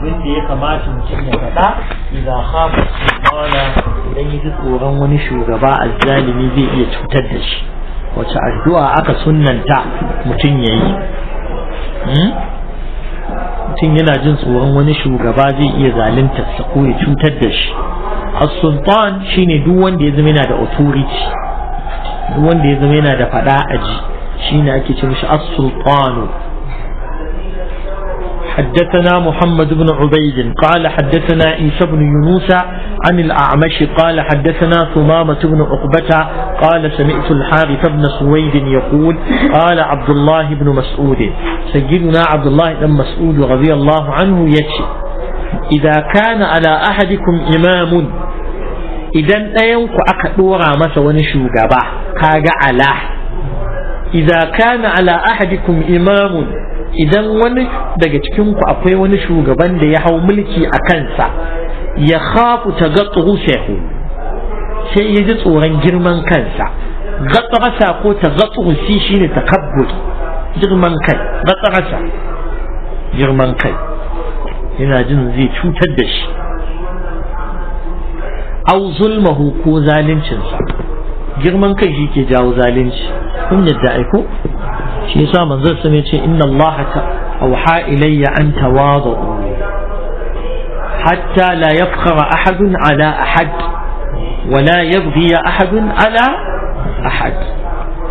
abin da ya kamata mutum ya faɗa idan khafa sulmana idan ya ji tsoron wani shugaba azzalimi zai iya cutar da shi wace addu'a aka sunnanta mutum ya yi hmm? mutum yana jin tsoron wani shugaba zai iya zalunta sa ko ya cutar da shi as-sultan shine duk wanda ya zama yana da authority duk wanda ya zama yana da faɗa aji shine ake ce mishi as-sultanu حدثنا محمد بن عبيد قال حدثنا عيسى بن يونس عن الأعمش قال حدثنا ثمامة بن عقبة قال سمعت الحارث بن سويد يقول قال عبد الله بن مسعود سيدنا عبد الله بن مسعود رضي الله عنه يكشف إذا كان على أحدكم إمام idan ɗayanku aka ɗora masa wani shugaba kaga ala idza kana ala ahadikum imamun idan wani daga cikin ku akwai wani shugaban da ya hau mulki a kansa ya khafu ta gatsuhu shehu sai ya ji tsoron girman kansa gatsarasa ko ta shi ne shine kabbul girman kai gatsarasa girman kai yana jin zai cutar da shi au zulmahu ko zaluncinsa girman kai shi ke jawo zalunci kun yadda aiko shi yasa manzon sun yace inna Allah awha ilayya an tawadu hatta la yafkhara ahadun ala ahad wa la yabghi ahadun ala ahad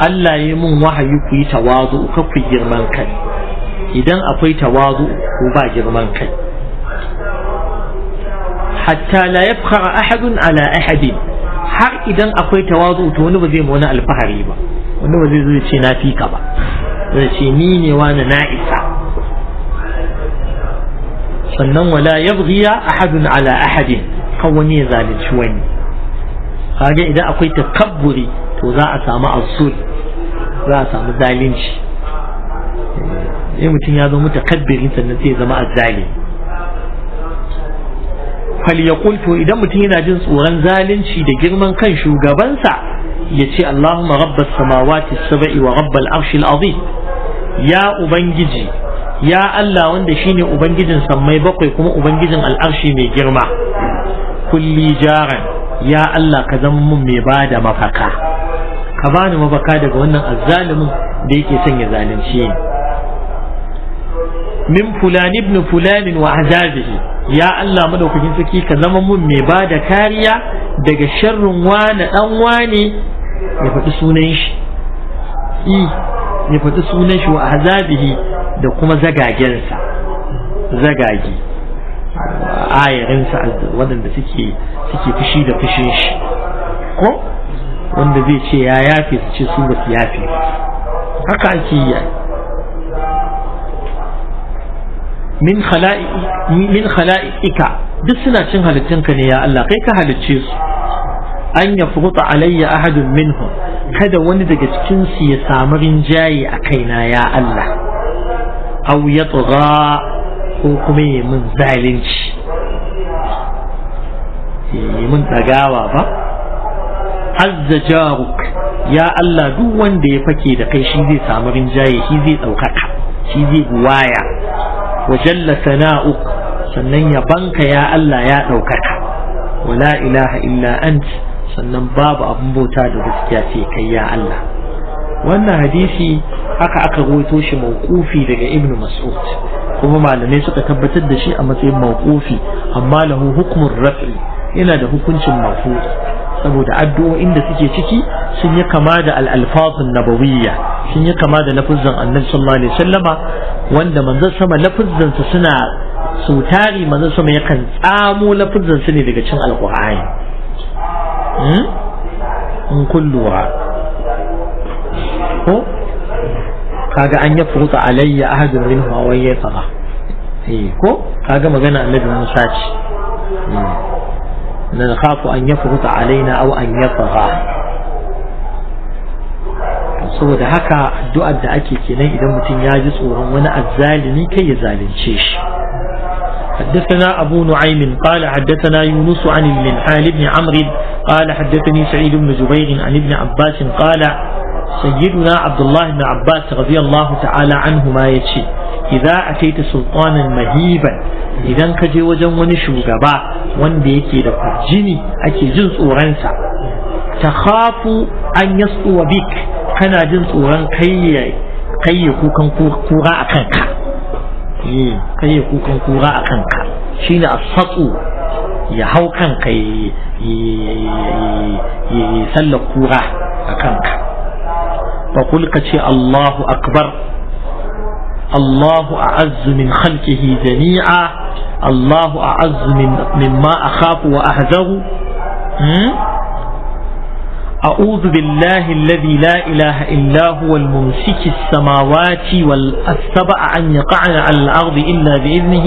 Allah ya mun wahayi ku yi tawazu ka ku girman kai idan akwai tawadu ku ba girman kai hatta la yafkhara ahadun ala ahadin har idan akwai tawazu to wani ba zai wani alfahari ba wani ba zai zo ya ce na fi ka ba zai ce ni ne wani na isa sannan wala yabghiya ahadun ala ahadin kan wani ya zalunci wani kaga idan akwai takabburi to za a samu asul za a samu zalunci sai eh, mutum ya zama mutakabbirin sannan sai ya zama azzali fal yaqul to idan mutum yana jin tsoron zalunci da girman kan shugabansa ce Allahumma rabbas samawati saba'i wa rabbal arshil azim ya ubangiji ya Allah wanda shi ne ubangijin sammai bakwai kuma ubangijin al'arshi mai girma kulli jaran ya Allah ka zama mun mai bada mafaka ka bani mafaka daga wannan azzalimin da yake sanya ya zalunce min fulan ibn fulanin wa azabihi ya Allah madaukakin saki ka zama mun mai bada kariya daga sharrin wani dan wani ya faɗi sunan shi ya faɗi sunan shi wa ahzabihi da kuma zagagensa zagage ayarinsa waɗanda suke suke fushi da fushin shi ko wanda zai ce ya yafe su ce su ba su yafe haka ake yi min khala'ika duk suna cin halittunka ne ya Allah kai ka halicce su an ya furuta alayya ahadun minhum kada wani daga cikinsu ya samu rinjaye a kaina ya Allah aw ya tsaga ko kuma ya min zalunci ya min tsagawa ba azza jaruk ya Allah duk wanda ya fake da kai shi zai samu rinjaye shi zai ɗaukaka shi zai buwaya wa jalla sana'uk sannan ya banka ya Allah ya ɗaukaka wala ilaha illa anta sannan babu abin bauta da gaskiya sai kai ya Allah wannan hadisi haka aka rawaito shi mawqufi daga ibnu mas'ud kuma malamai suka tabbatar da shi a matsayin mawqufi amma lahu hukmun raf'i yana da hukuncin mafu saboda addu'o'in da suke ciki sun yi kama da al-alfazun nabawiyya sun yi kama da lafuzzan annabi sallallahu alaihi wasallama wanda manzo sama lafuzzan suna sautari manzo sama yakan tsamo lafuzzan su ne daga cin alqur'ani Hmm? in kun ko kaga an ya furuta alayya ahadun min hawai ya tsara eh, ko kaga magana annabi musa ce hmm. na khafu an ya furuta alaina au an ya tsara saboda haka addu'ar da ake kenan idan mutum ya ji tsoron wani azzalimi kai ya zalunce shi حدثنا أبو نعيم قال حدثنا يونس عن المنحال بن عمرو قال حدثني سعيد بن جبير عن ابن عباس قال سيدنا عبد الله بن عباس رضي الله تعالى عنهما يتشي إذا أتيت سلطانا مهيبا إذا كجي وجن ونشو غبا وان بيكي لكم جيني أكي جنس ورنسا تخاف أن يسطو بك كان جنس ورن كي كي كوكا كوغا أكنكا Hmm. kai kukan kura a kanka shine a satsu ya hau kanka ya sallar kura a kanka fa ka ce Allahu akbar Allahu a min halkihi jami'a Allahu a'azzu mimma akhafu wa ahzaru hmm? أعوذ بالله الذي لا إله إلا هو الممسك السماوات والسبع أن يقعن على الأرض إلا بإذنه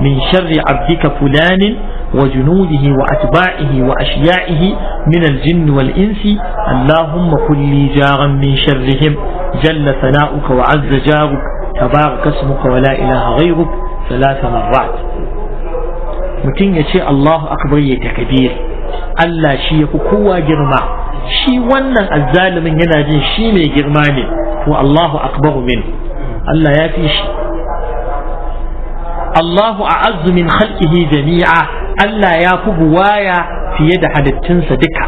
من شر عبدك فلان وجنوده وأتباعه وأشيائه من الجن والإنس اللهم كن لي جارا من شرهم جل ثناؤك وعز جارك تبارك اسمك ولا إله غيرك ثلاث مرات متين يشي الله أكبر يتكبير ألا شيخ قوى جرمه shi wannan azzalumin yana jin shi mai girma ne to Allahu akbaru min Allah ya fi shi Allahu a'azzu min khalqihi jami'a Allah ya fi buwaya fiye da halittunsa duka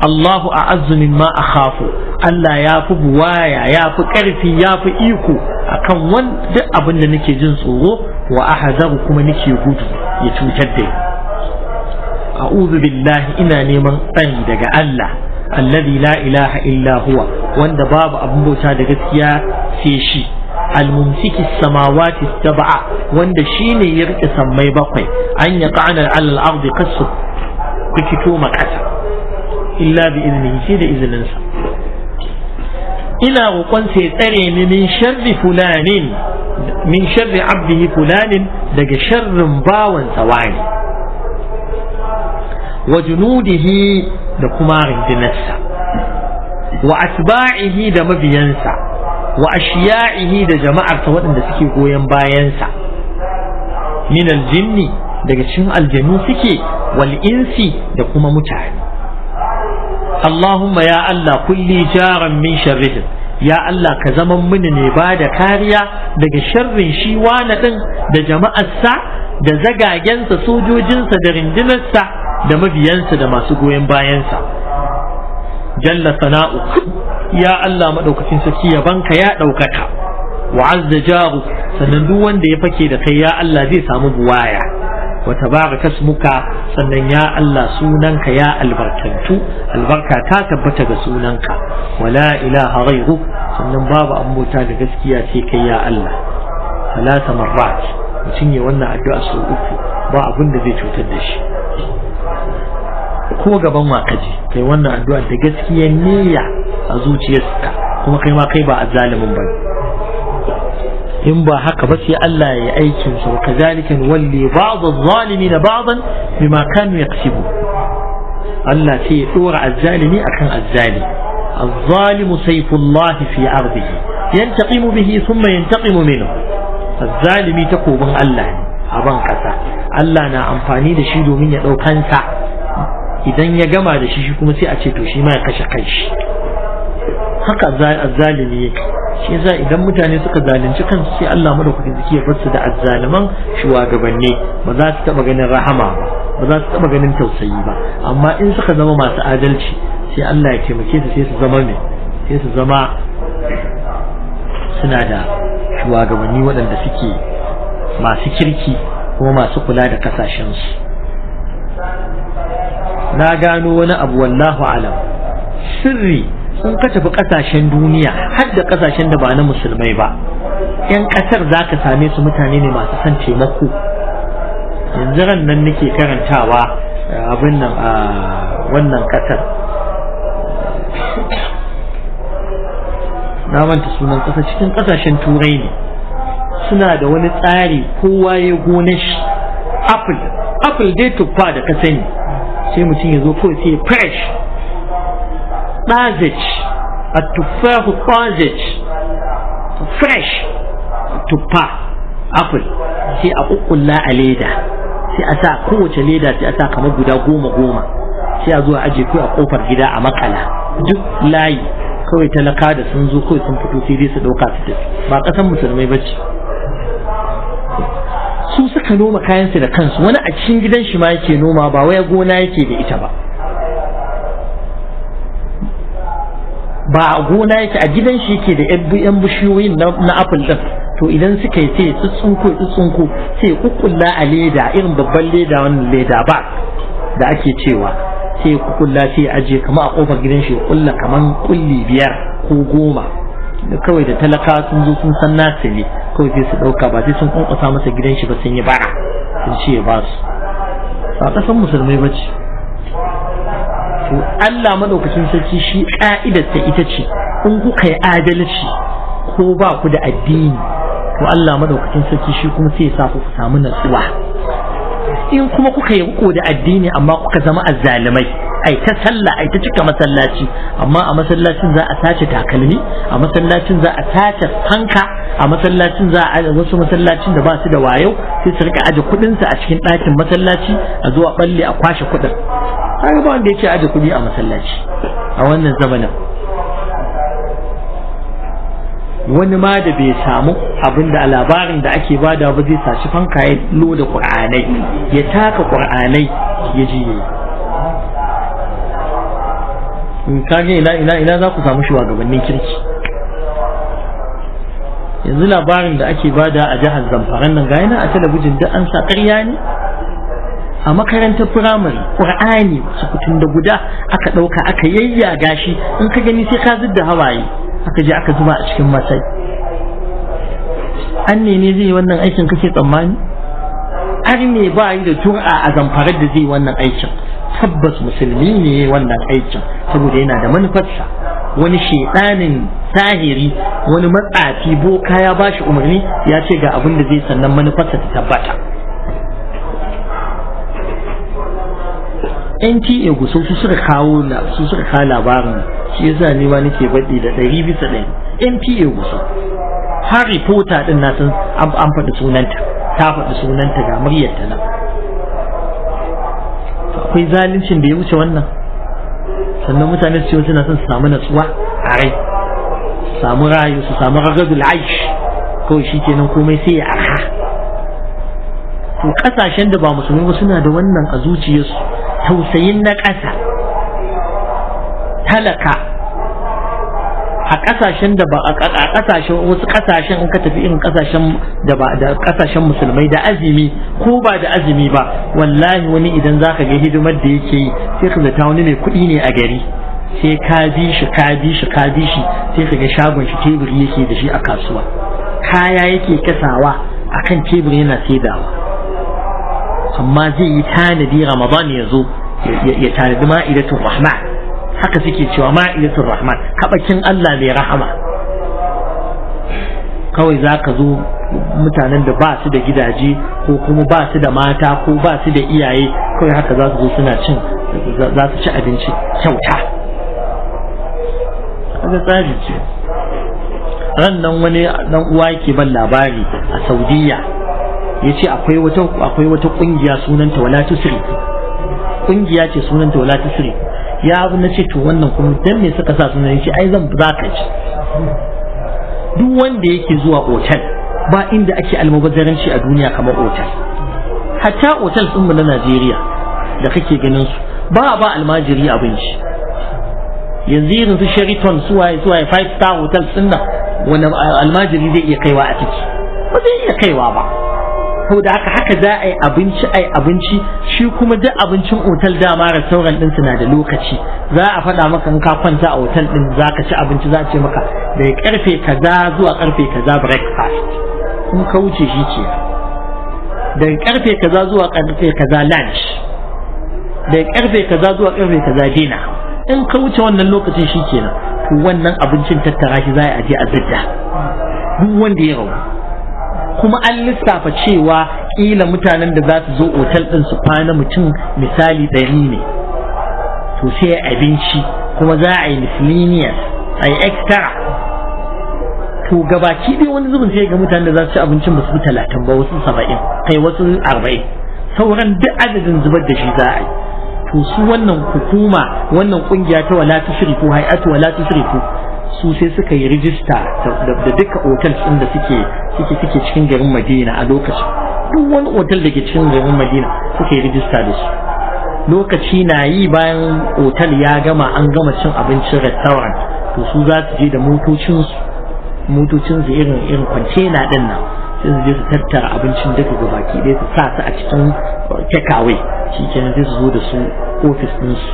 Allahu a azumin ma khafu. Allah ya fi buwaya ya fi karfi ya fi iko akan wanda abin da nake jin tsoro wa ahadaru kuma nake gudu ya cutar da ni a'udhu billahi ina neman tsari daga Allah alladhi la ilaha illa huwa wanda babu abin bauta da gaskiya sai shi almumsiki samawati sab'a wanda shine ya rike sammai bakwai an ya qa'ana al ardi qasu kikito makasa illa bi iznihi shi da sa. ina roƙon sai tsare ni min sharri fulanin min sharri abdihi fulanin daga sharrin bawan sawani wa junudihi da kuma rindinarsa wa asba'ihi da mabiyansa wa ashiya'ihi da jama'arsa waɗanda suke goyon bayansa min aljinni daga cikin aljanu suke wal insi da kuma mutane Allahumma ya Allah kulli jaran min sharrihim ya Allah ka zama mini ne ba da kariya daga sharrin shi wani da jama'arsa da zagagensa sojojinsa da rindinarsa da mabiyansa da masu goyon bayansa jalla sana'u ya Allah madaukakin sarki yabanka ya daukaka wa azza jaru sannan duk wanda ya fake da kai ya Allah zai samu buwaya wa tabaraka smuka sannan ya Allah sunanka ya albarkantu albarka ta tabbata ga sunanka wala ilaha ghayruk sannan babu ambota da gaskiya sai kai ya Allah salata marrat mutum ya wannan addu'a sau uku ba abin da zai cutar da shi ko gaban wa kaje kai wannan addu'a da gaskiyar niyya a zuciyarka kuma kai ma kai ba azalimin ba in ba haka ba sai Allah ya yi aikin su zalika walli ba'd az-zalimin ba'dan bima kanu yaksubu Allah sai ya dora azzalimi akan sayfullahi fi ardihi yantaqimu bihi thumma yantaqimu minhu به ثم ينتقم منه الظالم تقوبن الله أبن قسا الله نا أمفاني دشيدو من يدو كنسا idan ya gama da shi kuma sai a ce to shi ma ya kashe kanshi haka azzalimi yake shi yasa idan mutane suka zalunci kansu sai Allah kudin zaki ya barsu da azzaliman shugabanni ba za su taba ganin rahama ba ba za su taba ganin tausayi ba amma in suka zama masu adalci sai Allah ya taimake su sai su zama ne sai su zama suna da shugabanni waɗanda suke masu kirki kuma masu kula da kasashensu na gano wani abu wallahu alam sirri sun ka tafi kasashen duniya har da kasashen da ba na musulmai ba yan kasar za ka same su mutane ne masu son taimako yanzu ran nan nake karantawa uh, abin nan a uh, wannan kasar na manta sunan kasa cikin kasashen turai ne suna da wani tsari kowa ya gona shi apple apple dai tuffa da ka sani sai mutum ya zo kawai sai fresh tazaj at-tuffahu tazaj fresh tuffa apple sai a kukkulla a leda sai a sa kowace leda sai a sa kamar guda goma goma sai a zo a aje kai a kofar gida a makala duk layi kawai talaka da sun zo kawai sun fito sai dai su ɗauka su ba kasan musulmai bace suka noma kayansu da kansu wani a cikin gidan shi ma yake noma ba wai gona yake da ita ba ba a gona yake a gidan shi yake da yan bishiyoyin na apple din to idan suka yi sai tsuntsunko tsuntsunko sai kukkulla a leda irin babban leda wannan leda ba da ake cewa sai kukkulla sai aje kamar a kofar gidan shi kulla kaman kulli biyar ko goma kawai da talaka sun zo sun san nasa ne kawai sai su ɗauka ba sai sun ƙwanƙwasa masa gidan shi ba sun yi bara sun ce ya ba su ba kasan musulmai ba ce to Allah madaukakin sarki shi ƙa'idarsa ita ce in kuka yi adalci ko ba ku da addini to Allah madaukakin sarki shi kuma sai ya sa ku samu natsuwa in kuma kuka yi riko da addini amma kuka zama azzalimai Aita ta sallah aita ta cika masallaci amma a masallacin za a sace takalmi a masallacin za a sace fanka a masallacin za a wasu masallacin da ba su da wayo sai su rika aje kudin su a cikin ɗakin masallaci a zo a balle a kwashe kudin har ba wanda yake aje kudi a masallaci a wannan zamanin wani ma da bai samu abinda a labarin da ake bada ba zai saci fanka ya loda ƙur'anai, ya taka ƙur'anai ya je kage ina ina ina za ku samu shugabannin kirki yanzu labarin da ake bada a jihar zamfaran nan gaya a talabijin da an sa ƙarya ne a makarantar firamare ƙur'ani sukutun da guda aka ɗauka aka yayya gashi, in ka gani sai ka da hawaye aka je aka zuba a cikin matsayi an ne zai wannan aikin kake tsammani har ne ba yi da tur'a a zamfarar da zai wannan aikin tabbas musulmi ne wannan aikin saboda yana da manufarsa wani shedanin sahiri wani matsafi boka ya shi umarni ya ce ga abin da zai sannan manufarsa ta tabbata NTA gusau su suka kawo su suka kawo labarin shi yasa ni ma nake baɗi da ɗari bisa ɗari NTA gusau har reporter ɗin na san an faɗi sunanta ta faɗi sunanta ga muryarta nan akwai zaluncin da ya wuce wannan sannan mutane su suna son su samu natsuwa a rai samu rayu su samu ragadul aish kawai shi ke nan komai sai ya arha to kasashen da ba musulmi ba suna da wannan a zuciyarsu tausayin na ƙasa talaka kasashen da ba a kasashen wasu kasashen in ka tafi irin kasashen da ba da kasashen musulmai da azumi ko ba da azumi ba wallahi wani idan zaka ga hidimar da yake yi sai ka zata wani mai kuɗi ne a gari sai ka bi shi ka bi shi ka bi shi sai ka ga shagon shi teburi yake da shi a kasuwa kaya yake kasawa akan tebur yana saidawa amma zai yi tanadi ramadan ya zo ya tanadi ma'idatul rahman haka suke cewa ma'idatul rahman haɓakin Allah mai rahama kawai za ka zo mutanen da ba su da gidaje ko kuma ba su da mata ko ba su da iyaye kawai haka za su zo suna cin za su ci abinci kyauta haka tsari ce ran nan wani dan uwa yake ban labari a saudiya ya ce akwai wata akwai kungiya sunanta wala tusri kungiya ce sunanta wala tusri ya zo na ce to wannan kuma dan me suka sa sunan yace ai zan za ka ci duk wanda yake zuwa otal ba inda ake almubazzaranci a duniya kamar otal hatta otal din mu na Najeriya da kake ganin su ba ba almajiri abinci yanzu irin su Sheraton su waye su waye five star Hotel din nan wani almajiri zai iya kaiwa a ciki ba zai iya kaiwa ba ko da haka haka za a yi abinci a yi abinci shi kuma duk abincin otal dama sauran din suna da lokaci za a faɗa maka in ka kwanta a otal din za ka ci abinci za a ce maka daga karfe kaza zuwa karfe kaza breakfast in ka wuce shi ce daga karfe kaza zuwa karfe kaza lunch daga karfe kaza zuwa karfe kaza dina in ka wuce wannan lokacin shi kenan to wannan abincin tattara shi za a je a zidda duk wanda ya rabu kuma an lissafa cewa ƙila mutanen da za su zo otal ɗin su kwana mutum misali ɗari ne to sai abinci kuma za a yi miscellaneous a yi extra to gabaki ɗaya wani zubin sai ga mutanen da za su ci abincin ba su talatin ba wasu saba'in kai wasu arba'in sauran duk adadin zubar da shi za a yi to su wannan hukuma wannan kungiya ta wala ta tushriku hay'atu wala tushriku su sai suka yi rijista da duka otal ɗin da suke suke suke cikin garin madina a lokaci. duk wani otal da ke cikin garin madina suka yi rijista da su lokaci na yi bayan otal ya gama an gama cin abincin restaurant to su za su je da motocinsu motocinsu irin irin na din nan sai su je su tattara abincin daga baki dai su sa su a cikin takeaway shi kenan sai su zo da su ofis ɗinsu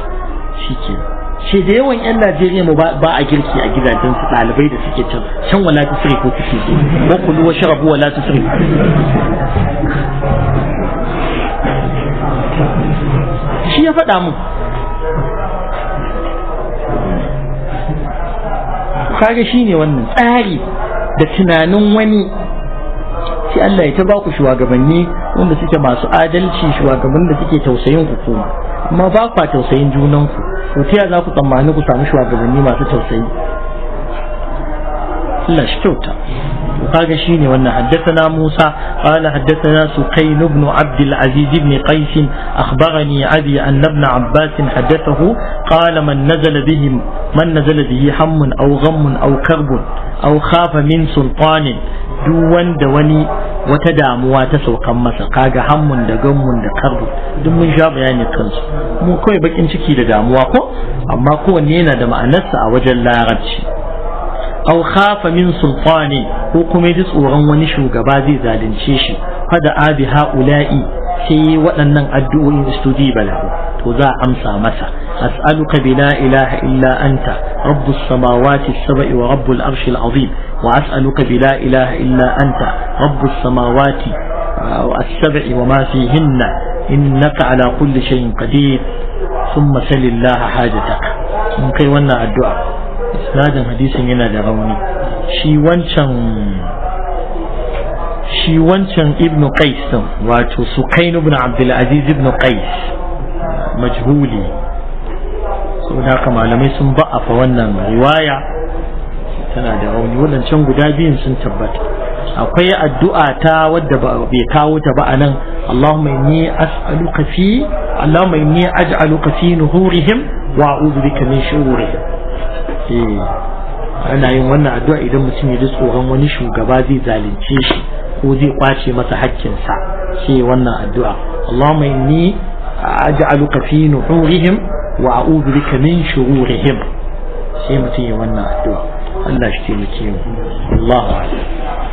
shi kenan ce da yawan 'yan Najeriya mu ba a girki a gidajen su ɗalibai da suke can can wala ta sirri ko kuke ko ku wa sharabu wala ta sirri shi ya faɗa mu kaga shi ne wannan tsari da tunanin wani Shi Allah ya ta ba ku shugabanni wanda suke masu adalci shugabannin da suke tausayin hukuma amma ba kwa tausayin junanku to ta za ku tsammani ku samu shugabanni masu tausayi Allah shi kyauta to kaga shine wannan haddathana Musa qala haddathana Suqayn ibn Abd al-Aziz ibn Qais akhbarani Abi anna ibn Abbas haddathahu qala man nazala bihim man nazala bihi hammun aw ghammun aw karbun aw khafa min sultanin duk wanda wani wata damuwa ta saukan masa kaga hammun da gammun da karbu duk mun sha bayani kansu mu kawai bakin ciki da damuwa ko amma wanne yana da ma'anarsa a wajen larabci أو خاف من سلطاني وكما يجس وغنون شوق بازي ذالن شيشي فدعا بهؤلاء في وأنن الدعوة استجيب له تزا أمسى مسى أسألك بلا إله إلا أنت رب السماوات السبع ورب العرش العظيم وأسألك بلا إله إلا أنت رب السماوات آه، السبع وما فيهن إنك على كل شيء قدير ثم سل الله حاجتك من كي ونع الدعاء isnadin hadisin yana da rauni shi wancan shi wancan ibn qais din wato sukain ibn abdul aziz ibn qais majhuli saboda haka malamai sun fa wannan riwaya tana da rauni wadancan guda biyun sun tabbata akwai addu'a ta wadda bai kawo ta ba a nan Allahumma inni as'aluka fi Allahumma inni aj'aluka fi nuhurihim wa a'udhu bika min shururihim Eh, ana yin wannan addu'a idan mutum ya ji tsoron wani shugaba zai zalunce shi ko zai kwace masa haƙƙinsa sai wannan addu'a Allahumma inni aj'aluka fi nuhurihim wa a'udhu bika min shururihim sai mutum ya wannan addu'a Allah shi ke mutum Allahu